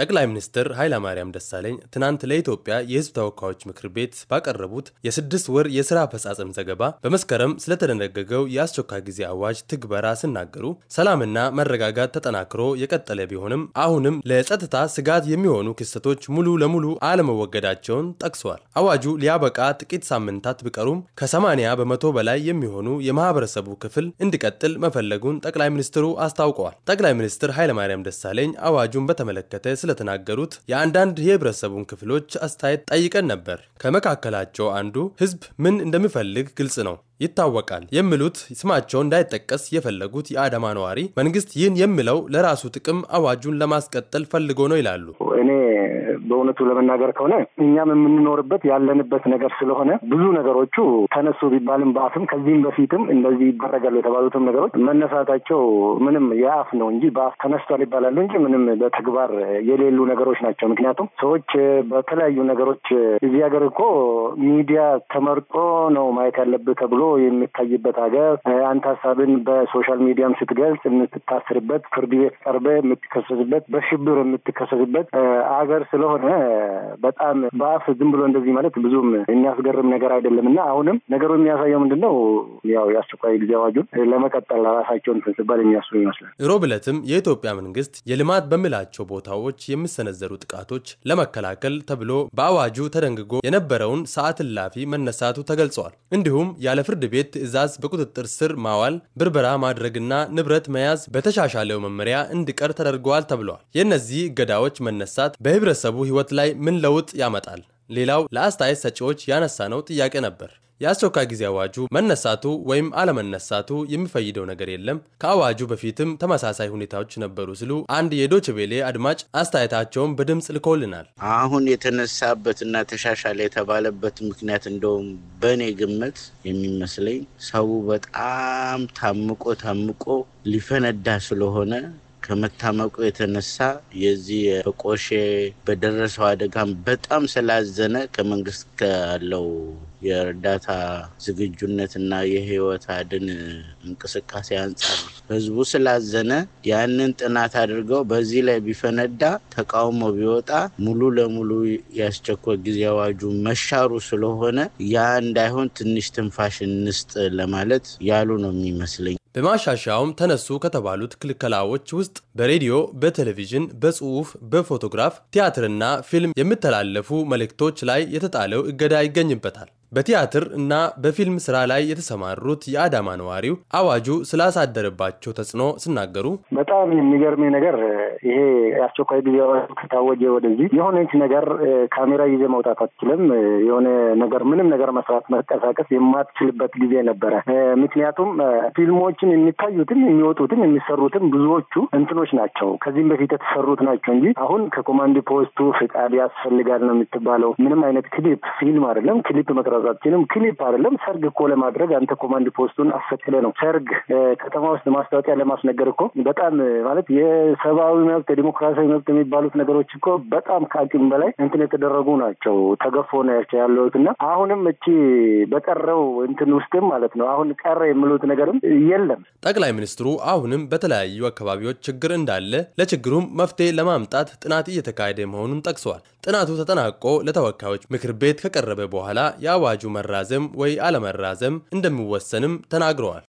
ጠቅላይ ሚኒስትር ኃይለማርያም ደሳለኝ ትናንት ለኢትዮጵያ የሕዝብ ተወካዮች ምክር ቤት ባቀረቡት የስድስት ወር የስራ አፈጻጸም ዘገባ በመስከረም ስለተደነገገው የአስቸኳይ ጊዜ አዋጅ ትግበራ ሲናገሩ ሰላምና መረጋጋት ተጠናክሮ የቀጠለ ቢሆንም አሁንም ለጸጥታ ስጋት የሚሆኑ ክስተቶች ሙሉ ለሙሉ አለመወገዳቸውን ጠቅሰዋል። አዋጁ ሊያበቃ ጥቂት ሳምንታት ቢቀሩም ከ80 በመቶ በላይ የሚሆኑ የማህበረሰቡ ክፍል እንዲቀጥል መፈለጉን ጠቅላይ ሚኒስትሩ አስታውቀዋል። ጠቅላይ ሚኒስትር ኃይለማርያም ደሳለኝ አዋጁን በተመለከተ ስለተናገሩት የአንዳንድ የህብረተሰቡን ክፍሎች አስተያየት ጠይቀን ነበር። ከመካከላቸው አንዱ ህዝብ ምን እንደሚፈልግ ግልጽ ነው ይታወቃል የሚሉት ስማቸው እንዳይጠቀስ የፈለጉት የአዳማ ነዋሪ መንግስት ይህን የሚለው ለራሱ ጥቅም አዋጁን ለማስቀጠል ፈልጎ ነው ይላሉ። እኔ በእውነቱ ለመናገር ከሆነ እኛም የምንኖርበት ያለንበት ነገር ስለሆነ ብዙ ነገሮቹ ተነሱ ቢባልም በአፍም ከዚህም በፊትም እንደዚህ ይደረጋሉ የተባሉትም ነገሮች መነሳታቸው ምንም የአፍ ነው እንጂ በአፍ ተነስቷል ይባላሉ እንጂ ምንም በተግባር የሌሉ ነገሮች ናቸው። ምክንያቱም ሰዎች በተለያዩ ነገሮች እዚህ ሀገር እኮ ሚዲያ ተመርጦ ነው ማየት ያለብህ ተብሎ የሚታይበት ሀገር፣ አንተ ሀሳብን በሶሻል ሚዲያም ስትገልጽ የምትታስርበት፣ ፍርድ ቤት ቀርበ የምትከሰስበት፣ በሽብር የምትከሰስበት አገር ስለሆነ በጣም በአፍ ዝም ብሎ እንደዚህ ማለት ብዙም የሚያስገርም ነገር አይደለም እና አሁንም ነገሩ የሚያሳየው ምንድን ነው ያው የአስቸኳይ ጊዜ አዋጁን ለመቀጠል ራሳቸውን ስንስባል የሚያስሩ ይመስላል። ሮብ ዕለትም የኢትዮጵያ መንግስት የልማት በምላቸው ቦታዎች የሚሰነዘሩ ጥቃቶች ለመከላከል ተብሎ በአዋጁ ተደንግጎ የነበረውን ሰዓት እላፊ መነሳቱ ተገልጿል። እንዲሁም ያለ ፍርድ ቤት ትዕዛዝ በቁጥጥር ስር ማዋል፣ ብርበራ ማድረግና ንብረት መያዝ በተሻሻለው መመሪያ እንዲቀር ተደርገዋል ተብሏል። የእነዚህ እገዳዎች መነሳት በህብረተሰቡ ህይወት ላይ ምን ለውጥ ያመጣል? ሌላው ለአስተያየት ሰጪዎች ያነሳነው ጥያቄ ነበር። የአስቸኳይ ጊዜ አዋጁ መነሳቱ ወይም አለመነሳቱ የሚፈይደው ነገር የለም፣ ከአዋጁ በፊትም ተመሳሳይ ሁኔታዎች ነበሩ ሲሉ አንድ የዶችቤሌ አድማጭ አስተያየታቸውን በድምፅ ልኮልናል። አሁን የተነሳበትና ተሻሻለ የተባለበት ምክንያት እንደውም በእኔ ግምት የሚመስለኝ ሰው በጣም ታምቆ ታምቆ ሊፈነዳ ስለሆነ ከመታመቁ የተነሳ የዚህ በቆሼ በደረሰው አደጋም በጣም ስላዘነ ከመንግስት ካለው የእርዳታ ዝግጁነት የህይወት አድን እንቅስቃሴ አንጻር ህዝቡ ስላዘነ ያንን ጥናት አድርገው በዚህ ላይ ቢፈነዳ ተቃውሞ ቢወጣ ሙሉ ለሙሉ ያስቸኮ ጊዜ አዋጁ መሻሩ ስለሆነ ያ እንዳይሆን ትንሽ ትንፋሽ እንስጥ ለማለት ያሉ ነው የሚመስለኝ። በማሻሻያውም ተነሱ ከተባሉት ክልከላዎች ውስጥ በሬዲዮ፣ በቴሌቪዥን፣ በጽሑፍ፣ በፎቶግራፍ፣ ቲያትርና ፊልም የሚተላለፉ መልእክቶች ላይ የተጣለው እገዳ ይገኝበታል። በቲያትር እና በፊልም ስራ ላይ የተሰማሩት የአዳማ ነዋሪው አዋጁ ስላሳደረባቸው ተጽዕኖ ሲናገሩ በጣም የሚገርመኝ ነገር ይሄ የአስቸኳይ ጊዜ አዋጁ ከታወጀ ወደዚህ የሆነች ነገር ካሜራ ጊዜ መውጣት አትችልም፣ የሆነ ነገር ምንም ነገር መስራት መንቀሳቀስ የማትችልበት ጊዜ ነበረ። ምክንያቱም ፊልሞችን የሚታዩትም የሚወጡትም የሚሰሩትም ብዙዎቹ እንትኖች ናቸው፣ ከዚህም በፊት የተሰሩት ናቸው እንጂ አሁን ከኮማንድ ፖስቱ ፍቃድ ያስፈልጋል ነው የምትባለው። ምንም አይነት ክሊፕ ፊልም አይደለም ክሊፕ መቅረ ማረጋጋትችልም ክሊፕ አይደለም ሰርግ እኮ ለማድረግ አንተ ኮማንድ ፖስቱን አሰክለ ነው ሰርግ ከተማ ውስጥ ማስታወቂያ ለማስነገር እኮ በጣም ማለት የሰብአዊ መብት የዲሞክራሲያዊ መብት የሚባሉት ነገሮች እኮ በጣም ከአቅም በላይ እንትን የተደረጉ ናቸው። ተገፎ ናቸው ያቸው ያለሁት እና አሁንም እቺ በቀረው እንትን ውስጥም ማለት ነው አሁን ቀረ የሚሉት ነገርም የለም። ጠቅላይ ሚኒስትሩ አሁንም በተለያዩ አካባቢዎች ችግር እንዳለ ለችግሩም መፍትሄ ለማምጣት ጥናት እየተካሄደ መሆኑን ጠቅሰዋል። ጥናቱ ተጠናቆ ለተወካዮች ምክር ቤት ከቀረበ በኋላ የአባ የአዋጁ መራዘም ወይ አለመራዘም እንደሚወሰንም ተናግረዋል።